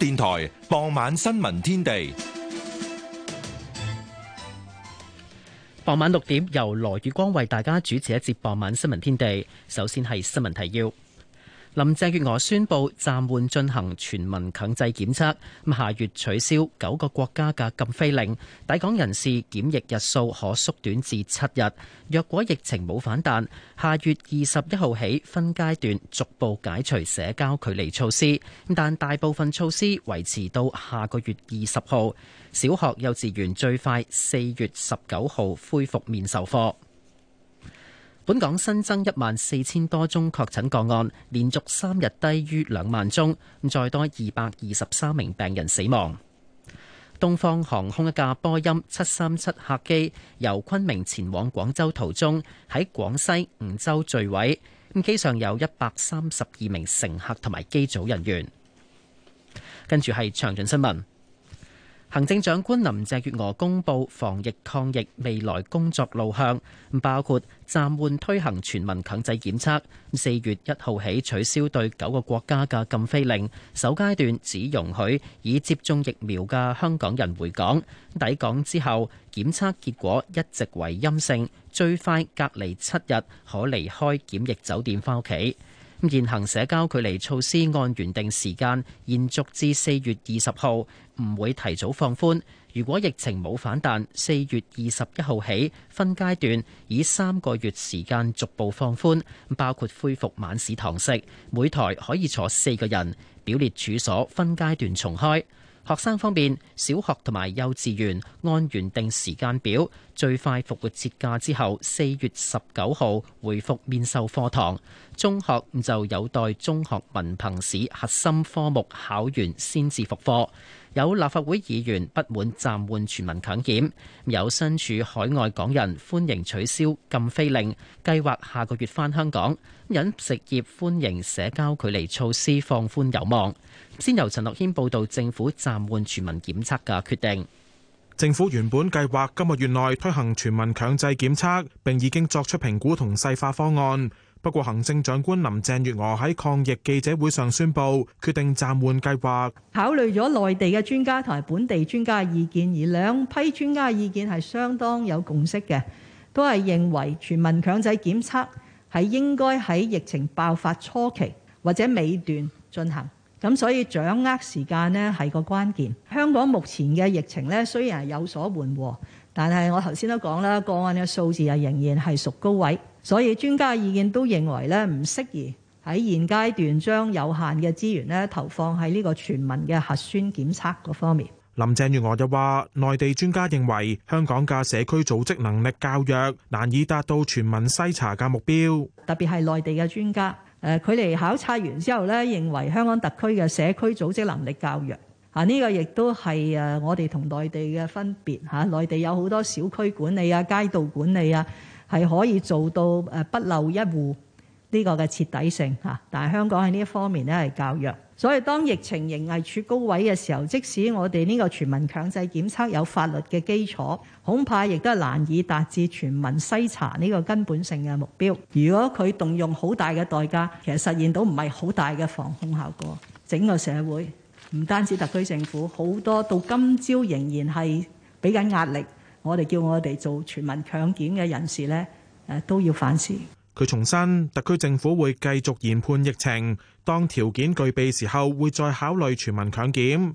電台傍晚新聞天地，傍晚六點由羅宇光為大家主持一節傍晚新聞天地。首先係新聞提要。林鄭月娥宣布暫緩進行全民強制檢測，下月取消九個國家嘅禁飛令，抵港人士檢疫日數可縮短至七日。若果疫情冇反彈，下月二十一號起分階段逐步解除社交距離措施，但大部分措施維持到下個月二十號。小學、幼稚園最快四月十九號恢復面授課。本港新增一萬四千多宗確診個案，連續三日低於兩萬宗，再多二百二十三名病人死亡。東方航空一架波音七三七客機由昆明前往廣州途中，喺廣西梧州墜毀，咁機上有一百三十二名乘客同埋機組人員。跟住係詳盡新聞。行政長官林鄭月娥公布防疫抗疫未來工作路向，包括暫緩推行全民強制檢測，四月一號起取消對九個國家嘅禁飛令，首階段只容許已接種疫苗嘅香港人回港。抵港之後，檢測結果一直為陰性，最快隔離七日可離開檢疫酒店翻屋企。現行社交距離措施按原定時間延續至四月二十號，唔會提早放寬。如果疫情冇反彈，四月二十一號起分階段以三個月時間逐步放寬，包括恢復晚市堂食，每枱可以坐四個人，表列處所分階段重開。學生方面，小學同埋幼稚園按原定時間表最快復活節假之後四月十九號回復面授課堂，中學就有待中學文憑試核心科目考完先至復課。有立法會議員不滿暫緩全民強檢，有身處海外港人歡迎取消禁飛令，計劃下個月返香港。飲食業歡迎社交距離措施放寬有望。先由陳樂軒報道政府暫緩全民檢測嘅決定。政府原本計劃今個月內推行全民強制檢測，並已經作出評估同細化方案。不過，行政長官林鄭月娥喺抗疫記者會上宣布，決定暫緩計劃。考慮咗內地嘅專家同埋本地專家嘅意見，而兩批專家嘅意見係相當有共識嘅，都係認為全民強制檢測係應該喺疫情爆發初期或者尾段進行。咁所以掌握時間呢係個關鍵。香港目前嘅疫情呢雖然係有所緩和，但係我頭先都講啦，個案嘅數字又仍然係屬高位。所以專家意見都認為咧，唔適宜喺現階段將有限嘅資源咧投放喺呢個全民嘅核酸檢測嗰方面。林鄭月娥就話，內地專家認為香港嘅社區組織能力較弱，難以達到全民篩查嘅目標。特別係內地嘅專家，誒佢哋考察完之後咧，認為香港特區嘅社區組織能力較弱。嚇，呢個亦都係誒我哋同內地嘅分別嚇。內地有好多小區管理啊，街道管理啊。係可以做到誒不漏一戶呢個嘅徹底性嚇，但係香港喺呢一方面咧係較弱，所以當疫情仍係處高位嘅時候，即使我哋呢個全民強制檢測有法律嘅基礎，恐怕亦都難以達至全民篩查呢個根本性嘅目標。如果佢動用好大嘅代價，其實實現到唔係好大嘅防控效果，整個社會唔單止特區政府好多到今朝仍然係俾緊壓力。我哋叫我哋做全民強檢嘅人士呢，誒都要反思。佢重申，特區政府會繼續研判疫情，當條件具備時候，會再考慮全民強檢。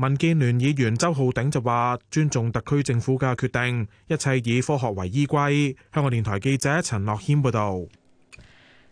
民建聯議員周浩鼎就話：尊重特區政府嘅決定，一切以科學為依歸。香港電台記者陳樂謙報道。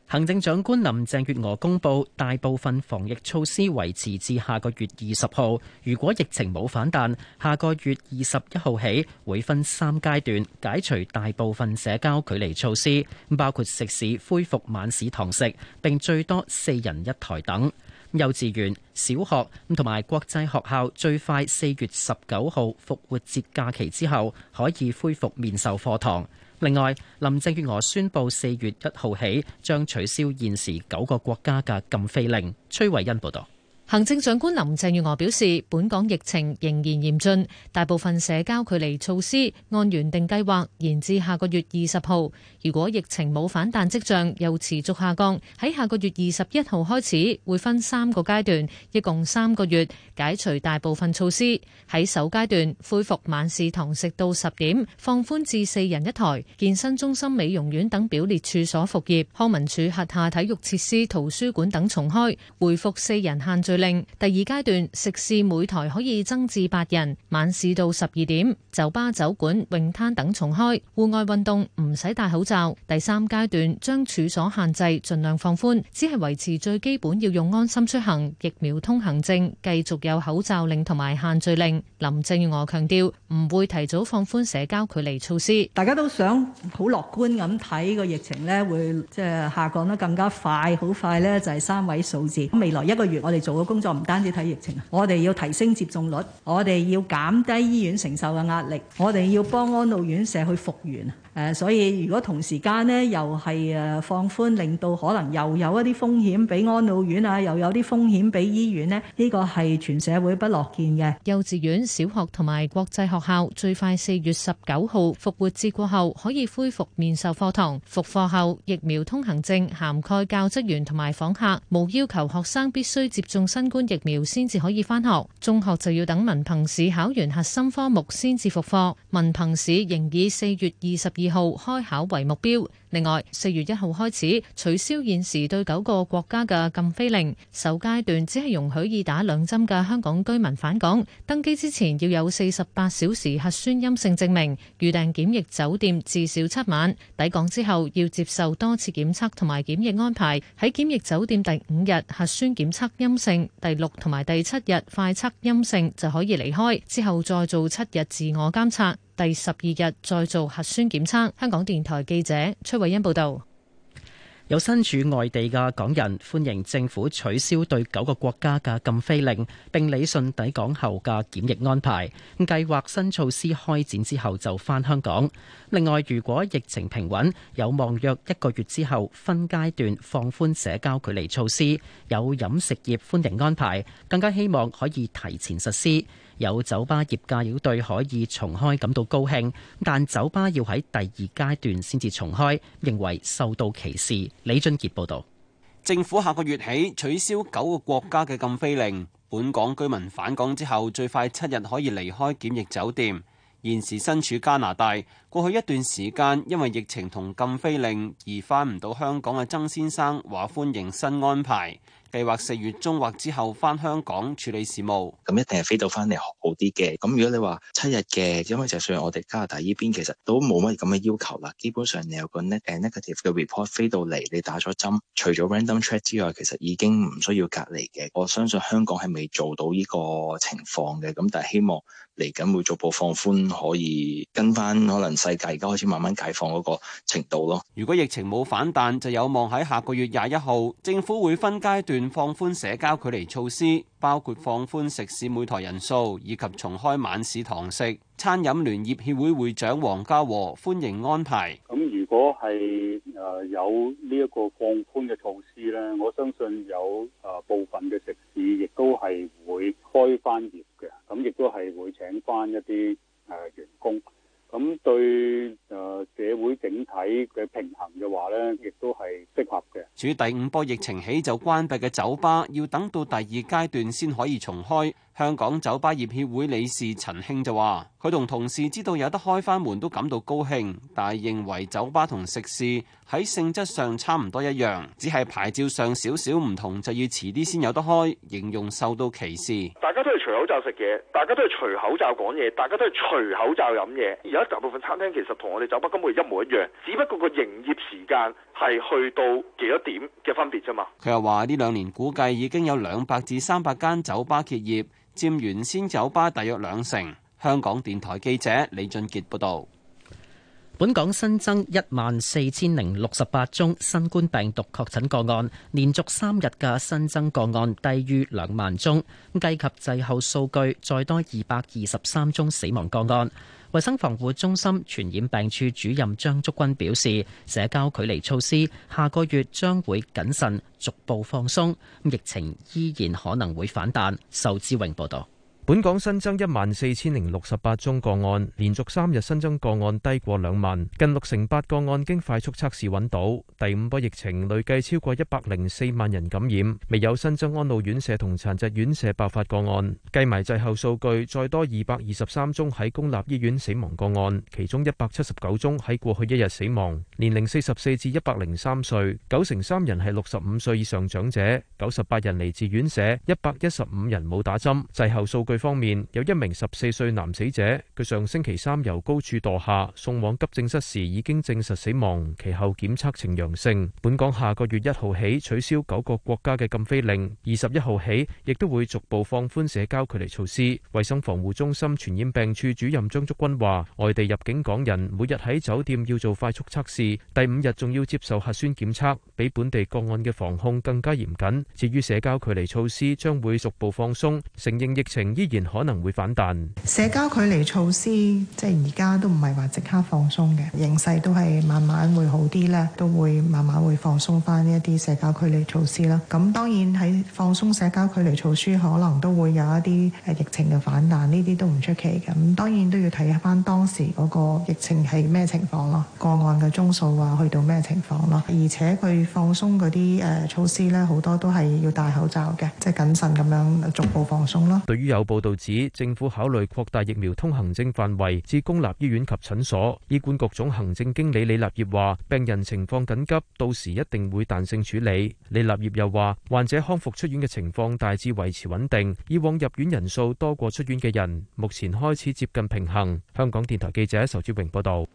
行政長官林鄭月娥公布，大部分防疫措施維持至下個月二十號。如果疫情冇反彈，下個月二十一號起會分三階段解除大部分社交距離措施，包括食肆恢復晚市堂食，並最多四人一台等。幼稚園、小學咁，同埋國際學校最快四月十九號復活節假期之後可以恢復面授課堂。另外，林鄭月娥宣布四月一號起將取消現時九個國家嘅禁飛令。崔慧恩報道。行政長官林鄭月娥表示，本港疫情仍然嚴峻，大部分社交距離措施按原定計劃延至下個月二十號。如果疫情冇反彈跡象又持續下降，喺下個月二十一號開始會分三個階段，一共三個月解除大部分措施。喺首階段，恢復晚市堂食到十點，放寬至四人一台；健身中心、美容院等表列處所復業，康文署轄下體育設施、圖書館等重開，回復四人限聚。令第二階段食肆每台可以增至八人，晚市到十二點，酒吧、酒館、泳灘等重開，戶外運動唔使戴口罩。第三階段將處所限制盡量放寬，只係維持最基本要用安心出行疫苗通行證，繼續有口罩令同埋限聚令。林鄭月娥強調唔會提早放寬社交距離措施。大家都想好樂觀咁睇個疫情咧，會即係下降得更加快，好快咧就係三位數字。未來一個月我哋做。工作唔單止睇疫情啊，我哋要提升接種率，我哋要減低醫院承受嘅壓力，我哋要幫安老院舍去復原。啊。誒，所以如果同時間咧，又係誒放寬令到可能又有一啲風險俾安老院啊，又有啲風險俾醫院咧、啊，呢、呢個係全社會不樂見嘅。幼稚園小學同埋國際學校最快四月十九號復活節過後可以恢復面授課堂，復課後疫苗通行證涵蓋教職員同埋訪客，冇要求學生必須接種。新冠疫苗先至可以返學，中學就要等文憑試考完核心科目先至復課。文憑試仍以四月二十二號開考為目標。另外，四月一號開始取消現時對九個國家嘅禁飛令。首階段只係容許已打兩針嘅香港居民返港，登機之前要有四十八小時核酸陰性證明，預訂檢疫酒店至少七晚。抵港之後要接受多次檢測同埋檢疫安排，喺檢疫酒店第五日核酸檢測陰性，第六同埋第七日快測陰性就可以離開，之後再做七日自我監測。第十二日再做核酸檢測。香港電台記者崔慧欣報道，有身處外地嘅港人歡迎政府取消對九個國家嘅禁飛令，並理順抵港後嘅檢疫安排。計劃新措施開展之後就返香港。另外，如果疫情平穩，有望約一個月之後分階段放寬社交距離措施。有飲食業歡迎安排，更加希望可以提前實施。有酒吧業界要對可以重開感到高興，但酒吧要喺第二階段先至重開，認為受到歧視。李俊傑報導，政府下個月起取消九個國家嘅禁飛令，本港居民返港之後最快七日可以離開檢疫酒店。現時身處加拿大，過去一段時間因為疫情同禁飛令而返唔到香港嘅曾先生話歡迎新安排。計劃四月中或之後翻香港處理事務，咁一定係飛到翻嚟好啲嘅。咁如果你話七日嘅，因為就算我哋加拿大依邊其實都冇乜咁嘅要求啦。基本上你有個 negative 嘅 report 飛到嚟，你打咗針，除咗 random check 之外，其實已經唔需要隔離嘅。我相信香港係未做到呢個情況嘅，咁但係希望。嚟緊會逐步放寬，可以跟翻可能世界而家開始慢慢解放嗰個程度咯。如果疫情冇反彈，就有望喺下個月廿一號，政府會分階段放寬社交距離措施，包括放寬食肆每台人數以及重開晚市堂食。餐飲聯業協會會長黃家和歡迎安排。咁如果係誒有呢一個放寬嘅措施咧，我相信有誒部分嘅食肆亦都係會開翻業。咁亦都係會請翻一啲誒、呃呃、員工，咁、嗯、對。誒，社會整體嘅平衡嘅話呢，亦都係適合嘅。至於第五波疫情起就關閉嘅酒吧，要等到第二階段先可以重開。香港酒吧業協會理事陳興就話，佢同同事知道有得開返門都感到高興，但係認為酒吧同食肆喺性質上差唔多一樣，只係牌照上少少唔同，就要遲啲先有得開，形容受到歧視，大家都係除口罩食嘢，大家都係除口罩講嘢，大家都係除口罩飲嘢。而家大部分餐廳其實同我哋。酒吧根本一模一樣，只不過個營業時間係去到幾多點嘅分別啫嘛。佢又話呢兩年估計已經有兩百至三百間酒吧結業，佔原先酒吧大約兩成。香港電台記者李俊杰報道，本港新增一萬四千零六十八宗新冠病毒確診個案，連續三日嘅新增個案低於兩萬宗，計及滯後數據再多二百二十三宗死亡個案。衛生防護中心傳染病處主任張竹君表示，社交距離措施下個月將會謹慎，逐步放鬆，疫情依然可能會反彈。仇志榮報道。本港新增一萬四千零六十八宗個案，連續三日新增個案低過兩萬，近六成八個案經快速測試揾到。第五波疫情累計超過一百零四萬人感染，未有新增安老院舍同殘疾院舍爆發個案。計埋滯後數據，再多二百二十三宗喺公立醫院死亡個案，其中一百七十九宗喺過去一日死亡，年齡四十四至一百零三歲，九成三人係六十五歲以上長者，九十八人嚟自院舍，一百一十五人冇打針。滯後數據。方面有一名十四歲男死者，佢上星期三由高處墮下，送往急症室時已經證實死亡，其後檢測呈陽性。本港下個月一號起取消九個國家嘅禁飛令，二十一號起亦都會逐步放寬社交距離措施。衛生防護中心傳染病處主任張竹君話，外地入境港人每日喺酒店要做快速測試，第五日仲要接受核酸檢測，比本地個案嘅防控更加嚴謹。至於社交距離措施將會逐步放鬆，承認疫情然可能會反彈。社交距離措施，即係而家都唔係話即刻放鬆嘅，形勢都係慢慢會好啲咧，都會慢慢會放鬆翻呢一啲社交距離措施啦。咁當然喺放鬆社交距離措施，可能都會有一啲誒疫情嘅反彈，呢啲都唔出奇。咁當然都要睇翻當時嗰個疫情係咩情況咯，個案嘅宗數啊，去到咩情況咯。而且佢放鬆嗰啲誒措施咧，好多都係要戴口罩嘅，即係謹慎咁樣逐步放鬆咯。對於有報道指，政府考慮擴大疫苗通行證範圍至公立醫院及診所。醫管局總行政經理李立業話，病人情況緊急，到時一定會彈性處理。李立業又話，患者康復出院嘅情況大致維持穩定，以往入院人數多過出院嘅人，目前開始接近平衡。香港電台記者仇志榮報道。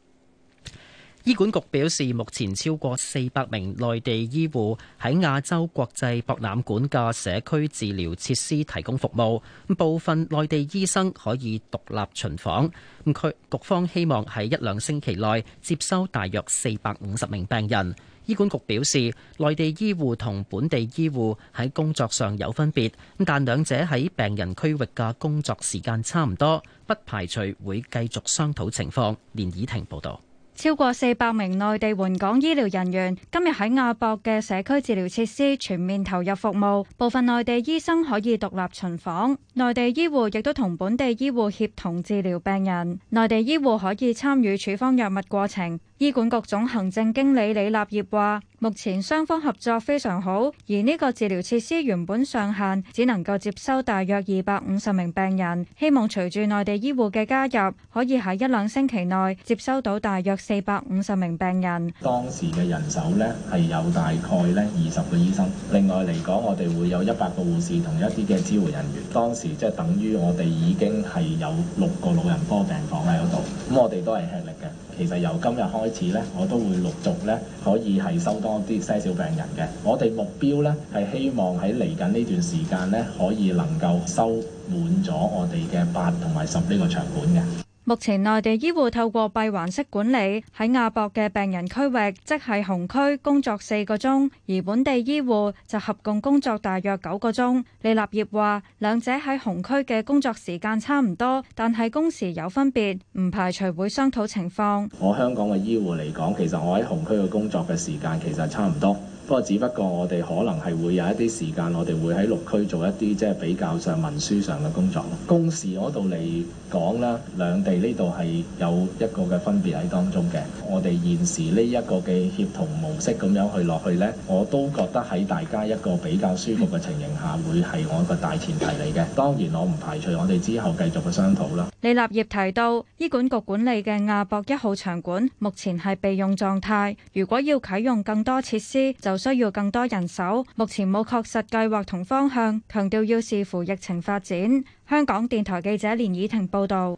醫管局表示，目前超過四百名內地醫護喺亞洲國際博覽館嘅社區治療設施提供服務，部分內地醫生可以獨立巡房。咁局方希望喺一兩星期內接收大約四百五十名病人。醫管局表示，內地醫護同本地醫護喺工作上有分別，但兩者喺病人區域嘅工作時間差唔多，不排除會繼續商討情況。連以婷報道。超過四百名內地援港醫療人員今日喺亞博嘅社區治療設施全面投入服務，部分內地醫生可以獨立巡房，內地醫護亦都同本地醫護協同治療病人，內地醫護可以參與處方藥物過程。醫管局總行政經理李立業話，目前雙方合作非常好，而呢個治療設施原本上限只能夠接收大約二百五十名病人，希望隨住內地醫護嘅加入，可以喺一兩星期內接收到大約四百五十名病人。當時嘅人手呢係有大概咧二十個醫生，另外嚟講，我哋會有護一百個護士同一啲嘅支援人員。當時即係、就是、等於我哋已經係有六個老人科病房喺度，咁我哋都係吃力嘅。其實由今日開始咧，我都會陸續咧可以係收多啲些，些少病人嘅。我哋目標咧係希望喺嚟緊呢段時間咧，可以能夠收滿咗我哋嘅八同埋十呢個場館嘅。目前內地醫護透過閉環式管理喺亞博嘅病人區域，即係紅區工作四個鐘，而本地醫護就合共工作大約九個鐘。李立業話，兩者喺紅區嘅工作時間差唔多，但係工時有分別，唔排除會商討情況。我香港嘅醫護嚟講，其實我喺紅區嘅工作嘅時間其實差唔多。不過，只不過我哋可能係會有一啲時間，我哋會喺六區做一啲即係比較上文書上嘅工作。公事嗰度嚟講啦，兩地呢度係有一個嘅分別喺當中嘅。我哋現時呢一個嘅協同模式咁樣去落去呢，我都覺得喺大家一個比較舒服嘅情形下，會係我一個大前提嚟嘅。當然，我唔排除我哋之後繼續去商討啦。李立業提到，醫管局管理嘅亞博一號場館目前係備用狀態，如果要啟用更多設施，就需要更多人手，目前冇確實計劃同方向，強調要視乎疫情發展。香港電台記者連綺婷報道。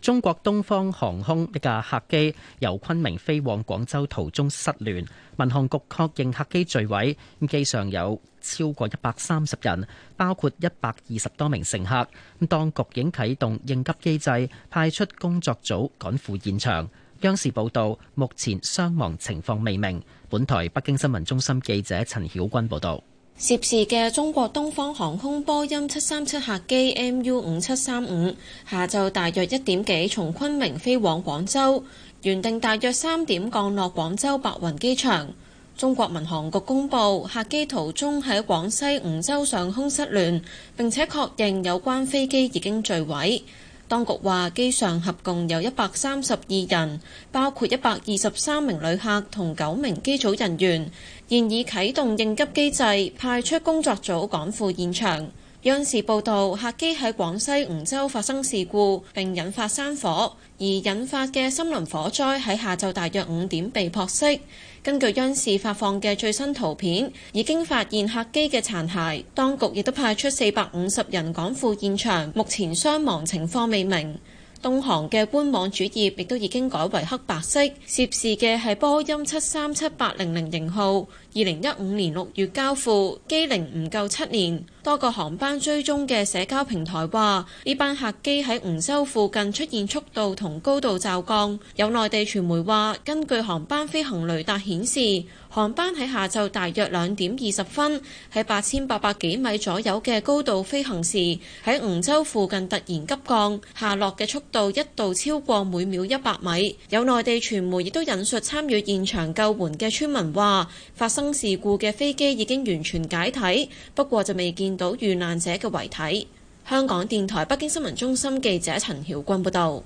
中國東方航空一架客機由昆明飛往廣州途中失聯，民航局確認客機墜毀，機上有超過一百三十人，包括一百二十多名乘客。當局已啟動應急機制，派出工作組趕赴現場。央視報道，目前傷亡情況未明。本台北京新聞中心記者陳曉君報道，涉事嘅中國東方航空波音七三七客機 MU 五七三五下晝大約一點幾從昆明飛往廣州，原定大約三點降落廣州白雲機場。中國民航局公布，客機途中喺廣西梧州上空失聯，並且確認有關飛機已經墜毀。當局話，機上合共有一百三十二人，包括一百二十三名旅客同九名機組人員，現已啟動應急機制，派出工作組趕赴現場。央視報道，客機喺廣西梧州發生事故，並引發山火，而引發嘅森林火災喺下晝大約五點被撲熄。根據央視發放嘅最新圖片，已經發現客機嘅殘骸。當局亦都派出四百五十人趕赴現場，目前傷亡情況未明。東航嘅官網主頁亦都已經改為黑白色，涉事嘅係波音七三七八零零型號，二零一五年六月交付，機齡唔夠七年。多個航班追蹤嘅社交平台話呢班客機喺梧州附近出現速度同高度驟降。有內地傳媒話根據航班飛行雷達顯示，航班喺下晝大約兩點二十分，喺八千八百幾米左右嘅高度飛行時，喺梧州附近突然急降，下落嘅速度一度超過每秒一百米。有內地傳媒亦都引述參與現場救援嘅村民話發生。事故嘅飛機已經完全解體，不過就未見到遇難者嘅遺體。香港電台北京新聞中心記者陳曉君報導，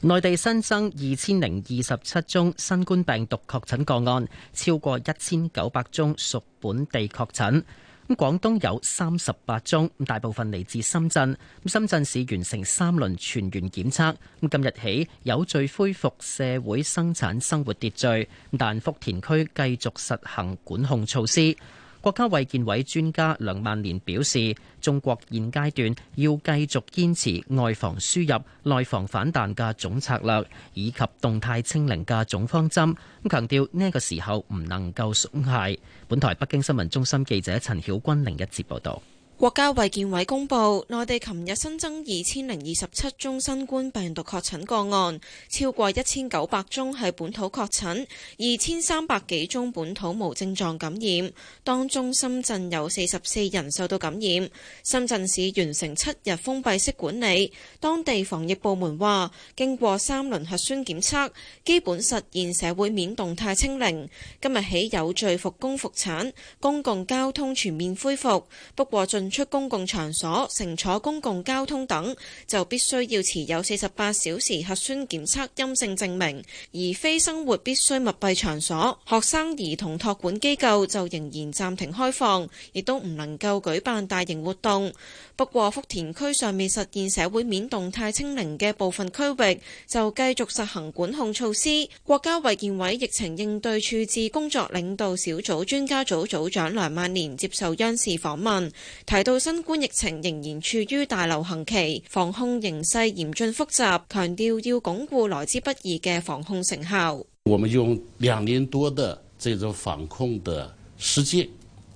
內地新增二千零二十七宗新冠病毒確診個案，超過一千九百宗屬本地確診。咁廣東有三十八宗，大部分嚟自深圳。深圳市完成三輪全員檢測，今日起有序恢復社會生產生活秩序，但福田區繼續實行管控措施。國家衛健委專家梁萬年表示，中國現階段要繼續堅持外防輸入、內防反彈嘅總策略，以及動態清零嘅總方針。咁強調呢個時候唔能夠鬆懈。本台北京新聞中心記者陳曉君另一節報道。國家衛健委公布，內地琴日新增二千零二十七宗新冠病毒確診個案，超過一千九百宗係本土確診，二千三百幾宗本土無症狀感染。當中深圳有四十四人受到感染，深圳市完成七日封閉式管理。當地防疫部門話，經過三輪核酸檢測，基本實現社會面動態清零。今日起有序復工復產，公共交通全面恢復。不過進出公共場所、乘坐公共交通等，就必須要持有四十八小時核酸檢測陰性證明；而非生活必須密閉場所，學生兒童托管機構就仍然暫停開放，亦都唔能夠舉辦大型活動。不過福田區尚未實現社會面動態清零嘅部分區域，就繼續實行管控措施。國家衛健委疫情應對處置工作領導小組專家組組長梁萬年接受央視訪問，提到新冠疫情仍然處於大流行期，防控形勢嚴峻複雜，強調要鞏固來之不易嘅防控成效。我們用兩年多的這種防控的實踐，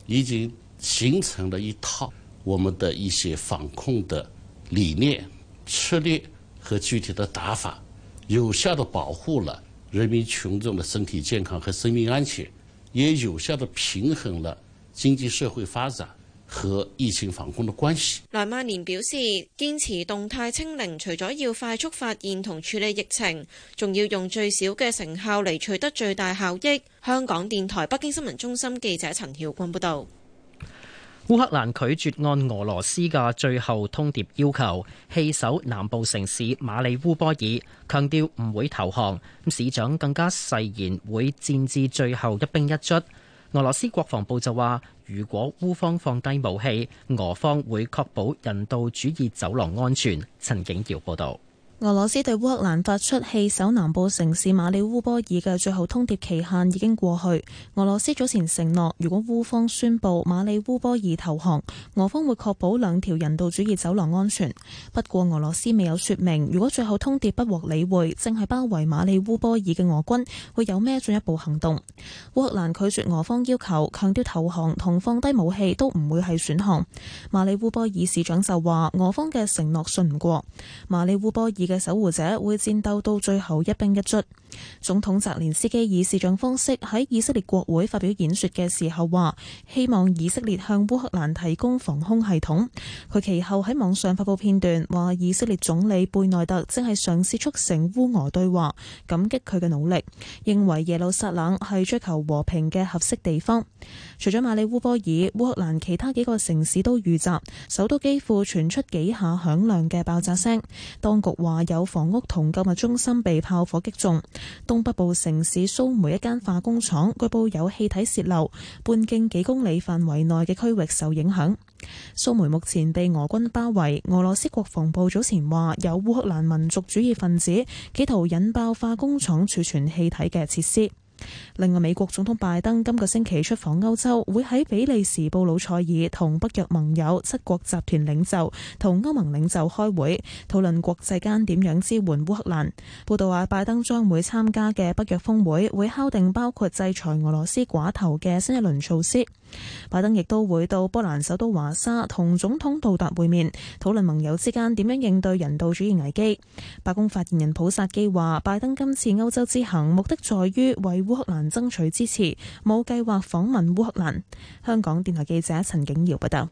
已經形成了一套。我們的一些防控的理念、策略和具體的打法，有效的保護了人民群眾的身體健康和生命安全，也有效的平衡了經濟社會發展和疫情防控的關係。梁萬年表示，堅持動態清零，除咗要快速發現同處理疫情，仲要用最少嘅成效嚟，取得最大效益。香港電台北京新聞中心記者陳曉君報道。烏克蘭拒絕按俄羅斯嘅最後通牒要求棄守南部城市馬里烏波爾，強調唔會投降。市長更加誓言會戰至最後一兵一卒。俄羅斯國防部就話，如果烏方放低武器，俄方會確保人道主義走廊安全。陳景堯報道。俄羅斯對烏克蘭發出棄守南部城市馬里烏波爾嘅最後通牒期限已經過去。俄羅斯早前承諾，如果烏方宣布馬里烏波爾投降，俄方會確保兩條人道主義走廊安全。不過俄羅斯未有說明，如果最後通牒不獲理會，正係包圍馬里烏波爾嘅俄軍會有咩進一步行動。烏克蘭拒絕俄方要求，強調投降同放低武器都唔會係選項。馬里烏波爾市長就話，俄方嘅承諾信唔過。馬里烏波爾嘅守護者會戰鬥到最後一兵一卒。總統澤連斯基以視像方式喺以色列國會發表演說嘅時候話，希望以色列向烏克蘭提供防空系統。佢其後喺網上發布片段話，以色列總理貝內特正係嘗試促成烏俄對話，感激佢嘅努力，認為耶路撒冷係追求和平嘅合適地方。除咗馬里烏波爾，烏克蘭其他幾個城市都遇襲，首都基輔傳出幾下響亮嘅爆炸聲。當局話有房屋同購物中心被炮火擊中。東北部城市蘇梅一間化工廠據報有氣體洩漏，半徑幾公里範圍內嘅區域受影響。蘇梅目前被俄軍包圍，俄羅斯國防部早前話有烏克蘭民族主義分子企圖引爆化工廠儲存氣體嘅設施。另外，美國總統拜登今個星期出訪歐洲，會喺比利時布魯塞爾同北約盟友，七國集團領袖同歐盟領袖開會，討論國際間點樣支援烏克蘭。報道話，拜登將會參加嘅北約峰會，會敲定包括制裁俄羅斯寡頭嘅新一輪措施。拜登亦都會到波蘭首都華沙同總統到達會面，討論盟友之間點樣應對人道主義危機。白宮發言人普薩基話，拜登今次歐洲之行目的在於為烏克蘭爭取支持，冇計劃訪問烏克蘭。香港電台記者陳景瑤報道。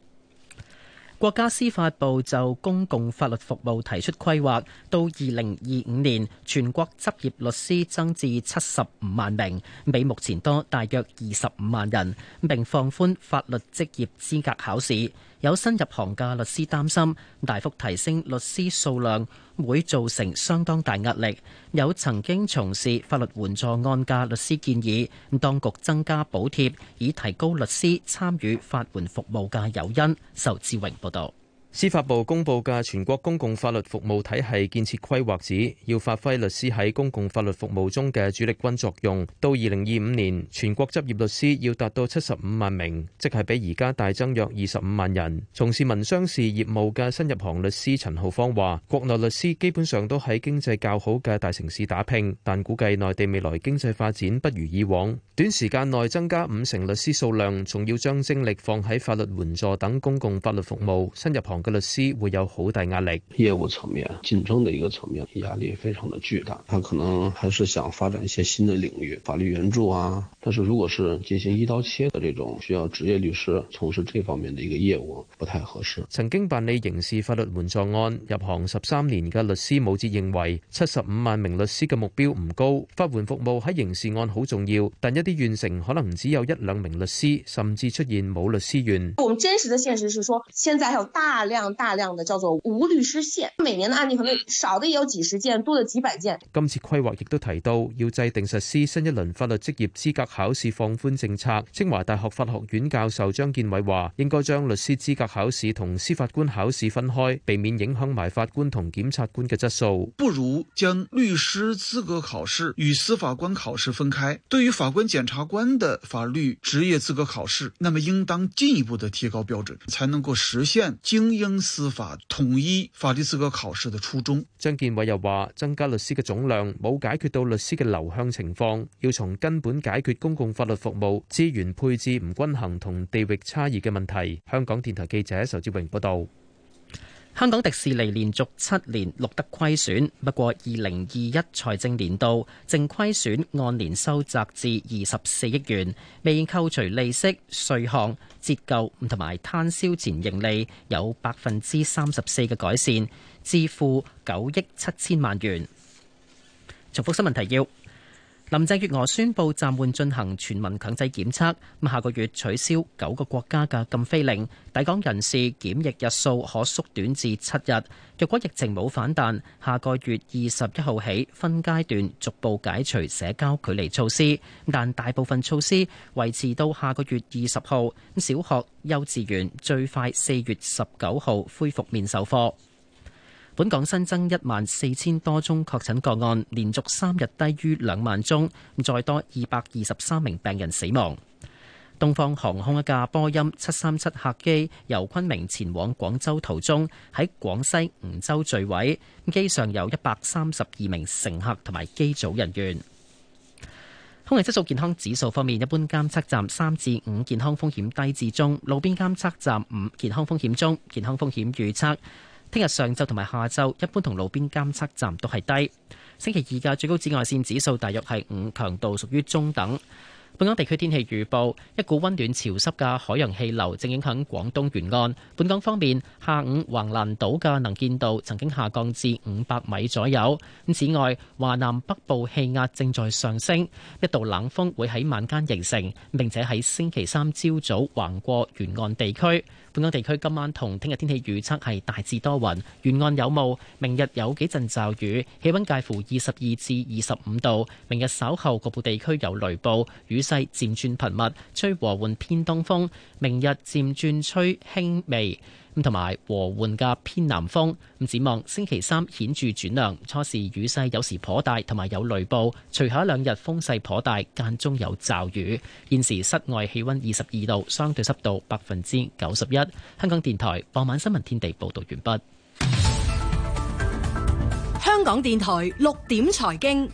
國家司法部就公共法律服務提出規劃，到二零二五年，全國執業律師增至七十五萬名，比目前多大約二十五萬人，並放寬法律職業資格考試。有新入行嘅律師擔心大幅提升律師數量會造成相當大壓力。有曾經從事法律援助案嘅律師建議，當局增加補貼，以提高律師參與法援服務嘅誘因。仇志榮報道。司法部公布嘅《全國公共法律服務體系建設規劃》指，要發揮律師喺公共法律服務中嘅主力軍作用。到二零二五年，全國執業律師要達到七十五萬名，即係比而家大增約二十五萬人。從事民商事業務嘅新入行律師陳浩方話，國內律師基本上都喺經濟較好嘅大城市打拼，但估計內地未來經濟發展不如以往，短時間內增加五成律師數量，仲要將精力放喺法律援助等公共法律服務。新入行嘅律師會有好大壓力，業務層面競爭的一個層面壓力非常的巨大，他可能還是想發展一些新的領域，法律援助啊。但是如果是進行一刀切的這種，需要執業律師從事這方面的一個業務，不太合適。曾經辦理刑事法律援助案入行十三年嘅律師武志認為，七十五萬名律師嘅目標唔高，法援服務喺刑事案好重要，但一啲縣城可能唔只有一兩名律師，甚至出現冇律師員。我們真實的現實現是說，現在還有大量。量大量的叫做無律師線，每年的案例可能少的也有幾十件，多的幾百件。今次規劃亦都提到要制定實施新一輪法律職業資格考試放寬政策。清華大學法學院教授張建偉話，應該將律師資格考試同司法官考試分開，避免影響埋法官同檢察官嘅質素。不如將律師資格考試與司法官考試分開。對於法官、檢察官的法律職業資格考試，那麼應當進一步的提高標準，才能夠實現經驗增司法統一法律資格考試嘅初衷。張建偉又話：增加律師嘅總量冇解決到律師嘅流向情況，要從根本解決公共法律服務資源配置唔均衡同地域差異嘅問題。香港電台記者仇志榮報道。香港迪士尼連續七年錄得虧損，不過二零二一財政年度淨虧損按年收窄至二十四億元，未扣除利息、稅項、折舊同埋攤銷前盈利有百分之三十四嘅改善，至負九億七千萬元。重複新聞提要。林鄭月娥宣布暫緩進行全民強制檢測，下個月取消九個國家嘅禁飛令，抵港人士檢疫日數可縮短至七日。若果疫情冇反彈，下個月二十一號起分階段逐步解除社交距離措施，但大部分措施維持到下個月二十號。小學、幼稚園最快四月十九號恢復面授課。本港新增一萬四千多宗確診個案，連續三日低於兩萬宗，再多二百二十三名病人死亡。東方航空一架波音七三七客機由昆明前往廣州途中喺廣西梧州墜毀，機上有一百三十二名乘客同埋機組人員。空氣質素健康指數方面，一般監測站三至五健康風險低至中，路邊監測站五健康風險中，健康風險預測。聽日上晝同埋下晝，一般同路邊監測站都係低。星期二嘅最高紫外線指數大約係五，強度屬於中等。本港地區天氣預報：一股溫暖潮濕嘅海洋氣流正影響廣東沿岸。本港方面，下午橫瀾島嘅能見度曾經下降至五百米左右。此外，華南北部氣壓正在上升，一道冷鋒會喺晚間形成，並且喺星期三朝早橫過沿岸地區。本港地區今晚同聽日天氣預測係大致多雲，沿岸有霧。明日有幾陣驟雨，氣溫介乎二十二至二十五度。明日稍後局部地區有雷暴雨。勢漸轉頻密，吹和緩偏東風，明日漸轉吹輕微咁，同埋和緩嘅偏南風。咁展望星期三顯著轉涼，初時雨勢有時頗大，同埋有雷暴。隨後一兩日風勢頗大，間中有驟雨。現時室外氣温二十二度，相對濕度百分之九十一。香港電台傍晚新聞天地報道完畢。香港電台六點財經。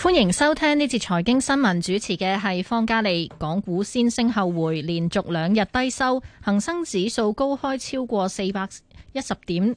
歡迎收聽呢次財經新聞，主持嘅係方嘉利。港股先升後回，連續兩日低收，恒生指數高開超過四百一十點。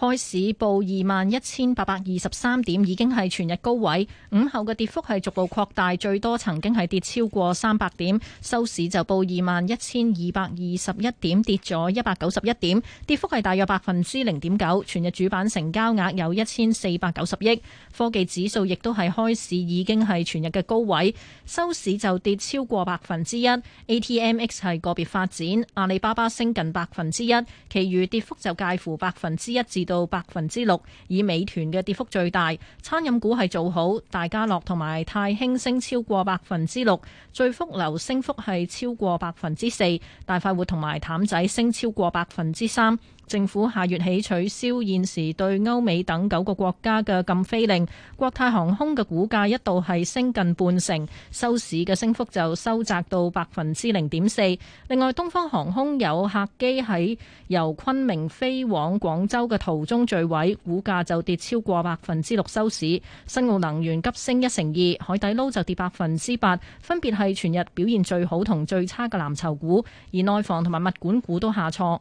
開市報二萬一千八百二十三點，已經係全日高位。午後嘅跌幅係逐步擴大，最多曾經係跌超過三百點。收市就報二萬一千二百二十一點，跌咗一百九十一點，跌幅係大約百分之零點九。全日主板成交額有一千四百九十億。科技指數亦都係開市已經係全日嘅高位，收市就跌超過百分之一。ATMX 係個別發展，阿里巴巴升近百分之一，其餘跌幅就介乎百分之一至到百分之六，以美團嘅跌幅最大，餐飲股係做好，大家樂同埋太興升超過百分之六，敘福樓升幅係超過百分之四，大快活同埋譚仔升超過百分之三。政府下月起取消現時對歐美等九個國家嘅禁飛令，國泰航空嘅股價一度係升近半成，收市嘅升幅就收窄到百分之零點四。另外，東方航空有客機喺由昆明飛往廣州嘅途中墜毀，股價就跌超過百分之六收市，新奧能源急升一成二，海底撈就跌百分之八，分別係全日表現最好同最差嘅藍籌股。而內房同埋物管股都下挫。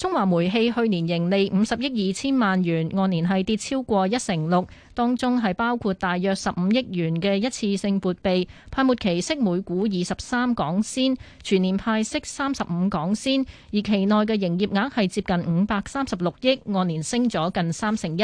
中華煤氣去年盈利五十億二千萬元，按年係跌超過一成六，當中係包括大約十五億元嘅一次性撥備。派末期息每股二十三港仙，全年派息三十五港仙，而期內嘅營業額係接近五百三十六億，按年升咗近三成一。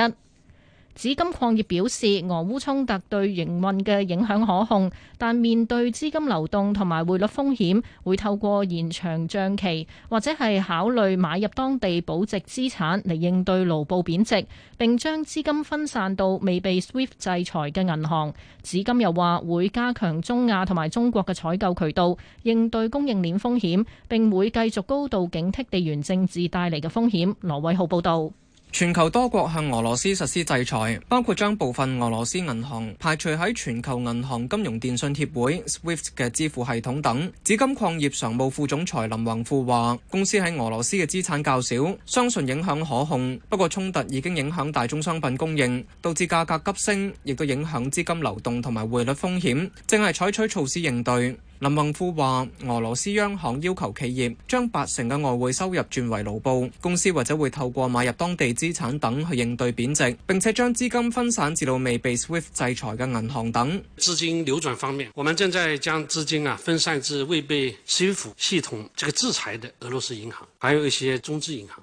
紫金礦業表示，俄烏衝突對營運嘅影響可控，但面對資金流動同埋匯率風險，會透過延長賬期或者係考慮買入當地保值資產嚟應對盧布貶值，並將資金分散到未被 SWIFT 制裁嘅銀行。紫金又話會加強中亞同埋中國嘅採購渠道，應對供應鏈風險，並會繼續高度警惕地緣政治帶嚟嘅風險。羅偉浩報道。全球多國向俄羅斯實施制裁，包括將部分俄羅斯銀行排除喺全球銀行金融電訊協會 SWIFT 嘅支付系統等。紫金礦業常務副總裁林宏富話：公司喺俄羅斯嘅資產較少，相信影響可控。不過，衝突已經影響大宗商品供應，導致價格急升，亦都影響資金流動同埋匯率風險，正係採取措施應對。林孟富話：俄羅斯央行要求企業將八成嘅外匯收入轉為盧布，公司或者會透過買入當地資產等去應對貶值，並且將資金分散至到未被 SWIFT 制裁嘅銀行等。資金流轉方面，我們正在將資金啊分散至未被 SWIFT 系統這個制裁的俄羅斯銀行，還有一些中資銀行。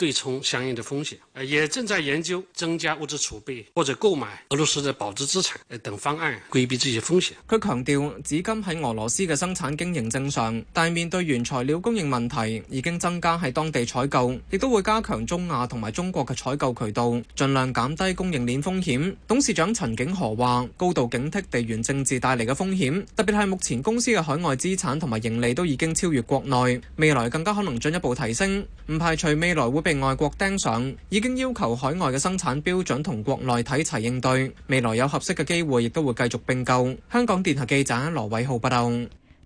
對沖相應嘅風險，也正在研究增加物資儲備或者購買俄羅斯嘅保值資產等方案，規避這些風險。佢強調，至今喺俄羅斯嘅生產經營正常，但面對原材料供應問題，已經增加喺當地採購，亦都會加強中亞同埋中國嘅採購渠道，盡量減低供應鏈風險。董事長陳景河話：高度警惕地緣政治帶嚟嘅風險，特別係目前公司嘅海外資產同埋盈利都已經超越國內，未來更加可能進一步提升，唔排除未來會被。外國盯上，已經要求海外嘅生產標準同國內睇齊應對。未來有合適嘅機會，亦都會繼續併購。香港電台記者羅偉浩報道。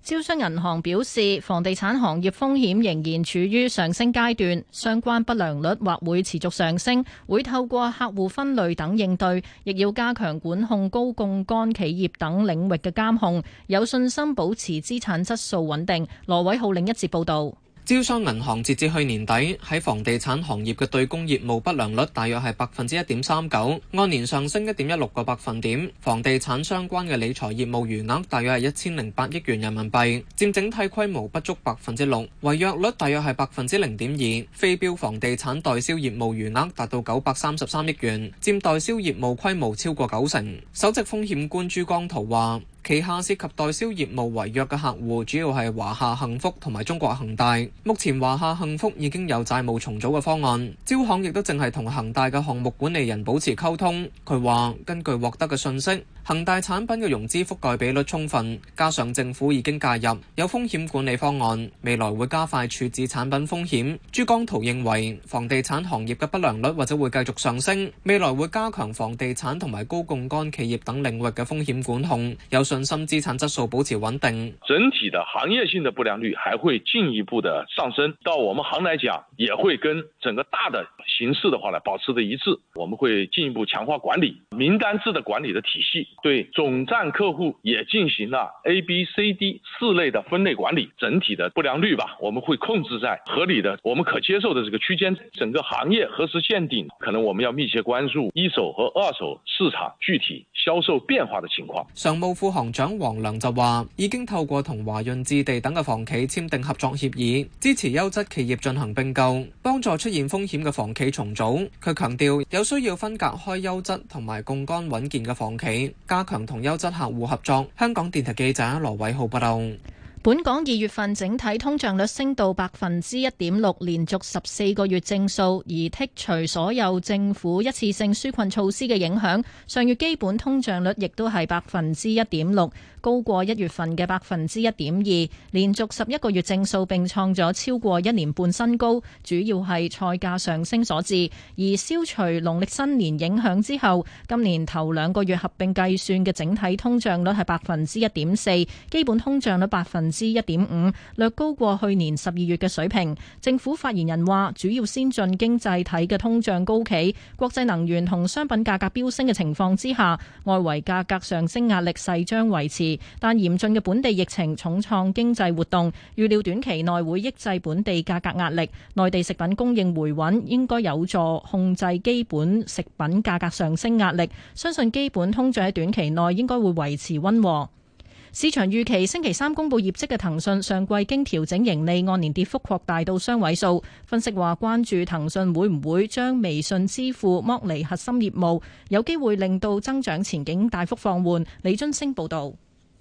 招商銀行表示，房地產行業風險仍然處於上升階段，相關不良率或會持續上升，會透過客戶分類等應對，亦要加強管控高槓桿企業等領域嘅監控，有信心保持資產質素穩定。羅偉浩另一節報道。招商銀行截至去年底喺房地產行業嘅對公業務不良率大約係百分之一點三九，按年上升一點一六個百分點。房地產相關嘅理財業務餘額大約係一千零八億元人民幣，佔整體規模不足百分之六，違約率大約係百分之零點二。非標房地產代銷業務餘額達到九百三十三億元，佔代銷業務規模超過九成。首席風險官朱江濤話。旗下涉及代銷業務違約嘅客戶主要係華夏幸福同埋中國恒大。目前華夏幸福已經有債務重組嘅方案，招行亦都正係同恒大嘅項目管理人保持溝通。佢話，根據獲得嘅信息，恒大產品嘅融資覆蓋比率充分，加上政府已經介入，有風險管理方案，未來會加快處置產品風險。朱江濤認為，房地產行業嘅不良率或者會繼續上升，未來會加強房地產同埋高槓桿企業等領域嘅風險管控，有信心資產質素保持穩定。整體嘅行業性嘅不良率還會進一步嘅上升，到我們行嚟講，也會跟整個大的形勢的話呢，保持的一致。我們會進一步強化管理，名單制的管理的體系。對總站客戶也進行了 A、B、C、D 四類的分類管理，整體的不良率吧，我們會控制在合理的、我們可接受的這個區間。整個行業何時見頂，可能我們要密切關注一手和二手市場具體銷售變化的情況。常務副行長王良就話，已經透過同華潤置地等嘅房企簽訂合作協議，支持優質企業進行併購，幫助出現風險嘅房企重組。佢強調，有需要分隔開優質同埋槓杆穩健嘅房企。加強同優質客戶合作。香港電台記者羅偉浩報道。本港二月份整體通脹率升到百分之一點六，連續十四個月正數，而剔除所有政府一次性紓困措施嘅影響，上月基本通脹率亦都係百分之一點六，高過一月份嘅百分之一點二，連續十一個月正數，並創咗超過一年半新高，主要係菜價上升所致。而消除農曆新年影響之後，今年頭兩個月合併計算嘅整體通脹率係百分之一點四，基本通脹率百分。之一點五略高過去年十二月嘅水平。政府發言人話，主要先進經濟體嘅通脹高企，國際能源同商品價格飆升嘅情況之下，外圍價格上升壓力勢將維持。但嚴峻嘅本地疫情重創經濟活動，預料短期內會抑制本地價格壓力。內地食品供應回穩，應該有助控制基本食品價格上升壓力。相信基本通脹喺短期內應該會維持溫和。市場預期星期三公布業績嘅騰訊上季經調整盈利按年跌幅擴大到雙位數，分析話關注騰訊會唔會將微信支付剝離核心業務，有機會令到增長前景大幅放緩。李津星報導。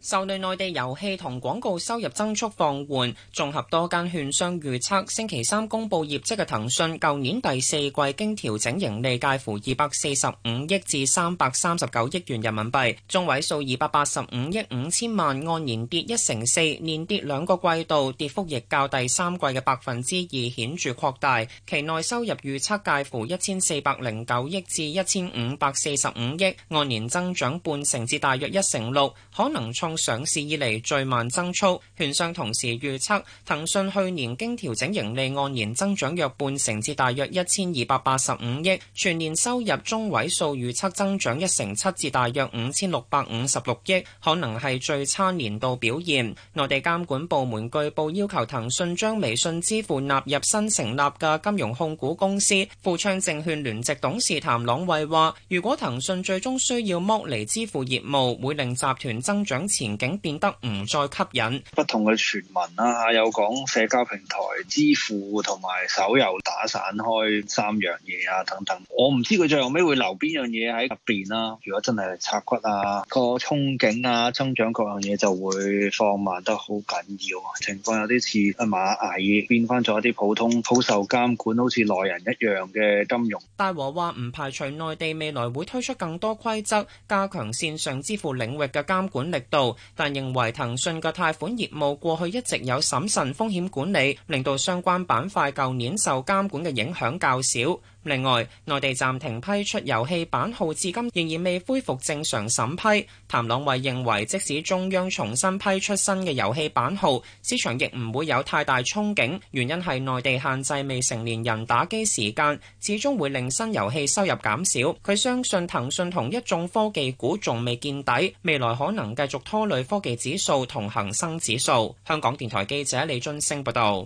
受累內地遊戲同廣告收入增速放緩，綜合多間券商預測，星期三公布業績嘅騰訊，舊年第四季經調整盈利介乎二百四十五億至三百三十九億元人民幣，中位數二百八十五億五千萬，按年跌一成四，年跌兩個季度，跌幅亦較第三季嘅百分之二顯著擴大。期內收入預測介乎一千四百零九億至一千五百四十五億，按年增長半成至大約一成六，可能創上市以嚟最慢增速，券商同時預測騰訊去年經調整盈利按年增長約半成，至大約一千二百八十五億；全年收入中位數預測增長一成七，至大約五千六百五十六億，可能係最差年度表現。內地監管部門據報要求騰訊將微信支付納入新成立嘅金融控股公司。富昌證券聯席董事譚朗慧話：如果騰訊最終需要剝離支付業務，會令集團增長前前景變得唔再吸引，不同嘅傳聞啦、啊、有講社交平台支付同埋手遊打散開三樣嘢啊等等，我唔知佢最後尾會留邊樣嘢喺入邊啦。如果真係拆骨啊，個憧憬啊增長各樣嘢就會放慢得好緊要，啊。情況有啲似螞蟻變翻咗一啲普通、好受監管、好似內人一樣嘅金融。大和話唔排除內地未來會推出更多規則，加強線上支付領域嘅監管力度。但認為騰訊嘅貸款業務過去一直有審慎風險管理，令到相關板塊舊年受監管嘅影響較少。另外，內地暫停批出遊戲版號，至今仍然未恢復正常審批。譚朗慧認為，即使中央重新批出新嘅遊戲版號，市場亦唔會有太大憧憬。原因係內地限制未成年人打機時間，始終會令新遊戲收入減少。佢相信騰訊同一眾科技股仲未見底，未來可能繼續拖累科技指數同恒生指數。香港電台記者李津升報道。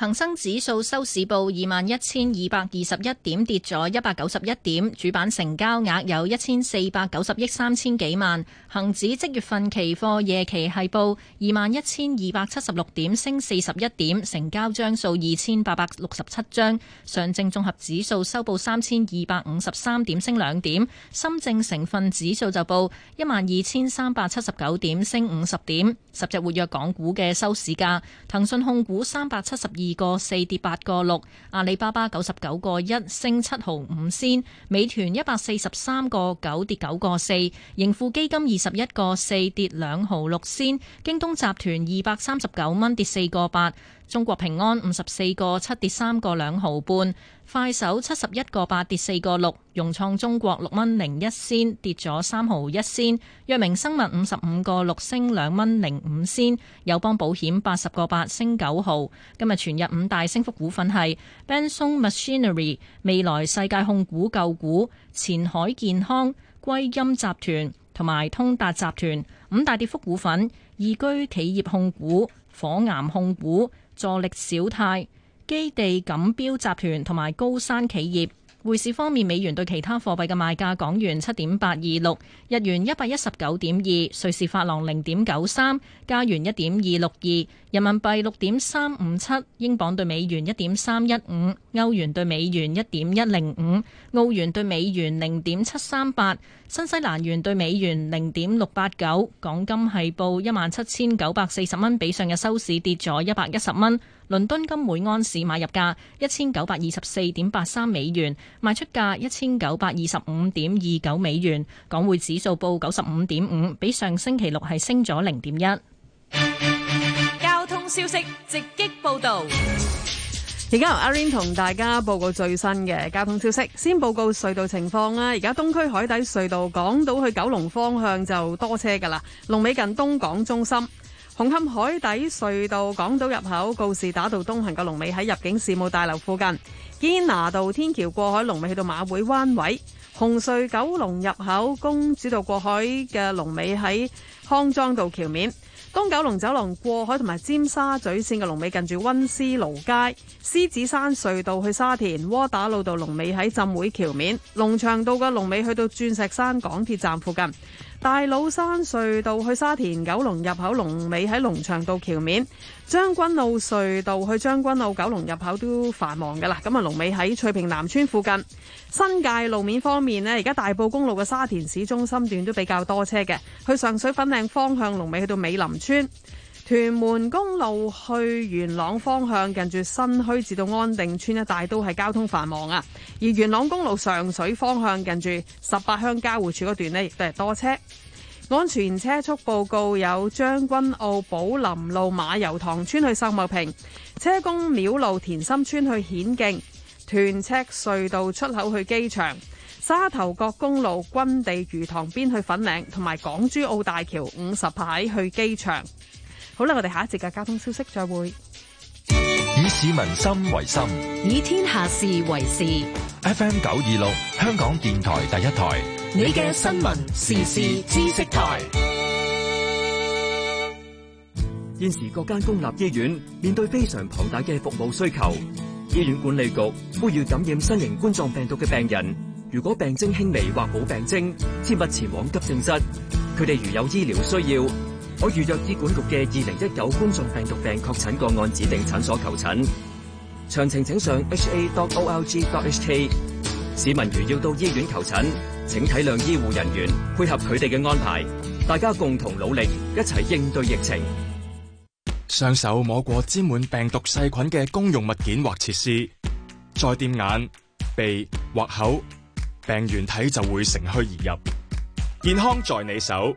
恒生指數收市報二萬一千二百二十一點，跌咗一百九十一點。主板成交額有一千四百九十億三千幾萬。恒指即月份期貨夜期係報二萬一千二百七十六點，升四十一點，成交張數二千八百六十七張。上證綜合指數收報三千二百五十三點，升兩點。深證成分指數就報一萬二千三百七十九點，升五十點。十隻活躍港股嘅收市價，騰訊控股三百七十二。二個四跌八個六，阿里巴巴九十九個一升七毫五仙，美團一百四十三個九跌九個四，盈富基金二十一個四跌兩毫六仙，京東集團二百三十九蚊跌四個八。中國平安五十四個七跌三個兩毫半，快手七十一個八跌四個六，融創中國六蚊零一仙跌咗三毫一仙，藥明生物五十五個六升兩蚊零五仙，友邦保險八十個八升九毫。今日全日五大升幅股份係 Benson Machinery、未來世界控股、股、舊股前海健康、歸音集團同埋通達集團。五大跌幅股份：易居企業控股、火岩控股。助力小泰基地錦標集團同埋高山企業。匯市方面，美元對其他貨幣嘅賣價：港元七點八二六，日元一百一十九點二，瑞士法郎零點九三，加元一點二六二，人民幣六點三五七，英鎊對美元一點三一五，歐元對美元一點一零五，澳元對美元零點七三八，新西蘭元對美元零點六八九。港金係報一萬七千九百四十蚊，比上日收市跌咗一百一十蚊。倫敦金每安士買入價一千九百二十四點八三美元，賣出價一千九百二十五點二九美元。港匯指數報九十五點五，比上星期六係升咗零點一。交通消息直擊報道，而家由阿 rain 同大家報告最新嘅交通消息。先報告隧道情況啦，而家東區海底隧道港島去九龍方向就多車㗎喇，龍尾近東港中心。紅磡海底隧道港島入口告士打道東行嘅龍尾喺入境事務大樓附近，堅拿道天橋過海龍尾去到馬會灣位，紅隧九龍入口公主道過海嘅龍尾喺康莊道橋面，東九龍走廊過海同埋尖沙咀線嘅龍尾近住溫思勞街，獅子山隧道去沙田窩打老道龍尾喺浸會橋面，龍翔道嘅龍尾去到鑽石山港鐵站附近。大老山隧道去沙田九龍入口龍尾喺龍翔道橋面，將軍澳隧道去將軍澳九龍入口都繁忙㗎喇。咁啊，龍尾喺翠屏南村附近。新界路面方面呢，而家大埔公路嘅沙田市中心段都比較多車嘅，去上水粉嶺方向龍尾去到美林村。屯門公路去元朗方向，近住新墟至到安定村一帶都係交通繁忙啊。而元朗公路上水方向，近住十八鄉交匯處嗰段呢，亦都係多車。安全車速報告有將軍澳寶林路馬油塘村去秀茂坪，車公廟路田心村去顯徑，屯赤隧道出口去機場，沙頭角公路軍地魚塘邊去粉嶺，同埋港珠澳大橋五十牌去機場。好啦，我哋下一節嘅交通消息再會。以市民心為心，以天下事為事。FM 九二六，香港電台第一台，你嘅新聞時事知識台。現時各間公立醫院面對非常龐大嘅服務需求，醫院管理局呼籲感染新型冠狀病毒嘅病人，如果病徵輕微或冇病徵，切勿前往急症室。佢哋如有醫療需要，我預約醫管局嘅二零一九冠狀病毒病確診個案指定診所求診。詳情請上 ha.org.hk。市民如要到醫院求診，請體諒醫護人員，配合佢哋嘅安排，大家共同努力一齊應對疫情。雙手摸過沾滿病毒細菌嘅公用物件或設施，再掂眼、鼻或口，病原體就會乘虛而入。健康在你手。